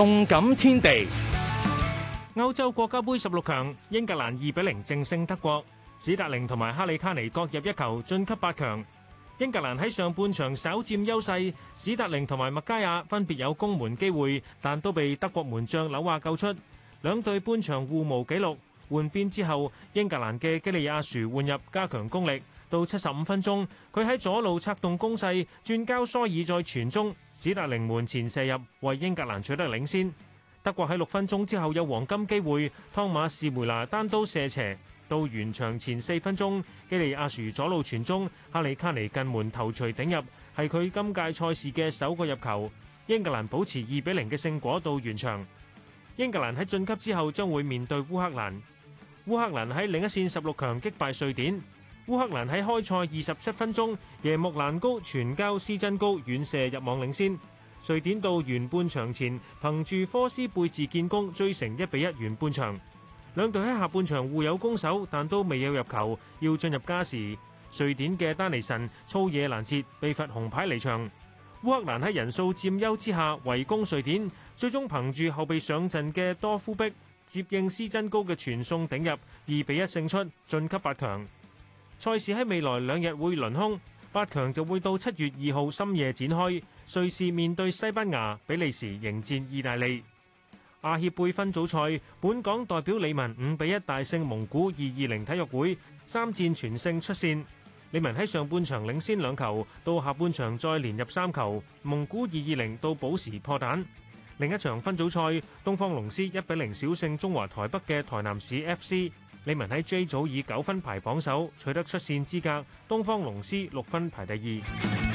動感天地，歐洲國家盃十六強，英格蘭二比零淨勝德國，史達寧同埋哈里卡尼各入一球，晉級八強。英格蘭喺上半場稍佔優勢，史達寧同埋麥加亞分別有攻門機會，但都被德國門將扭話救出。兩隊半場互無紀錄，換邊之後，英格蘭嘅基利亞殊換入加強攻力。到七十五分鐘，佢喺左路策動攻勢，轉交蘇爾在傳中史達寧門前射入，為英格蘭取得領先。德國喺六分鐘之後有黃金機會，湯馬士梅拿單刀射斜。到完場前四分鐘，基利亞殊左路傳中，哈里卡尼近門頭錘頂入，係佢今屆賽事嘅首個入球。英格蘭保持二比零嘅勝果到完場。英格蘭喺晉級之後將會面對烏克蘭。烏克蘭喺另一線十六強擊敗瑞典。烏克蘭喺開賽二十七分鐘，耶木蘭高傳交斯真高遠射入網領先。瑞典到完半場前，憑住科斯貝治建功追成一比一完半場。兩隊喺下半場互有攻守，但都未有入球，要進入加時。瑞典嘅丹尼神粗野難切，被罰紅牌離場。烏克蘭喺人數佔優之下圍攻瑞典，最終憑住後備上陣嘅多夫逼接應斯真高嘅傳送頂入，二比一勝出，晉級八強。賽事喺未來兩日會輪空，八強就會到七月二號深夜展開。瑞士面對西班牙，比利時迎戰意大利。亞協盃分組賽，本港代表李文五比一大勝蒙古二二零體育會，三戰全勝出線。李文喺上半場領先兩球，到下半場再連入三球，蒙古二二零到保時破蛋。另一場分組賽，東方龍獅一比零小勝中華台北嘅台南市 FC。李文喺 J 組以九分排榜首，取得出線資格。東方龍獅六分排第二。